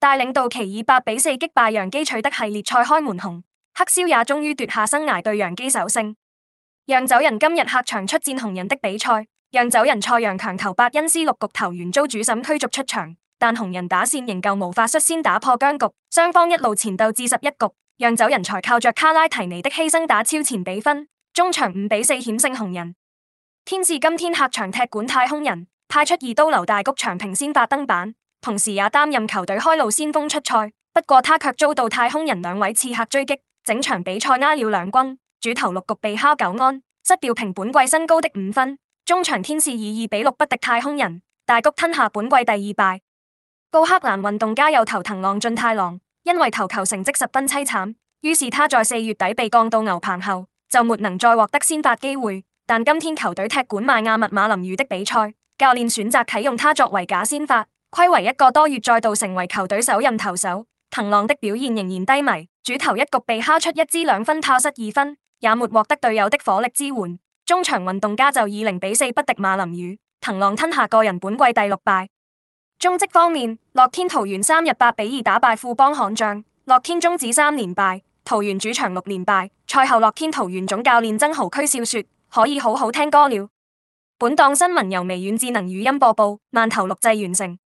帶領道奇以八比四擊敗洋基，取得系列賽開門紅。黑消也終於奪下生涯對洋基首勝。釀酒人今日客場出戰紅人的比賽，釀酒人塞揚強投，伯恩斯六局投完遭主審驅逐出場，但紅人打線仍舊無法率先打破僵局，雙方一路纏鬥至十一局，釀酒人才靠着卡拉提尼的犧牲打超前比分，終場五比四險勝紅人。天使今天客場踢館太空人，派出二刀流大谷翔平先發登板。同時也擔任球隊開路先鋒出賽，不過他卻遭到太空人兩位刺客追擊，整場比賽挨了兩軍，主投六局被敲九安，失掉平本季新高的五分，中場天使以二比六不敵太空人，大谷吞下本季第二敗。奧克蘭運動家右投藤浪進太郎，因為投球成績十分凄慘，於是他在四月底被降到牛棚後，就沒能再獲得先發機會。但今天球隊踢館邁阿密馬林魚的比賽，教練選擇啟用他作為假先發。暌違一個多月，再度成為球隊首任投手，藤浪的表現仍然低迷。主投一局被敲出一支兩分炮，失二分，也沒獲得隊友的火力支援。中場運動家就以零比四不敵馬林魚，藤浪吞下個人本季第六敗。中職方面，樂天桃園三日八比二打敗富邦悍將，樂天終止三連敗，桃園主場六連敗。賽後，樂天桃園總教練曾豪駒笑說：可以好好聽歌了。本檔新聞由微軟智能語音播報，慢投錄製完成。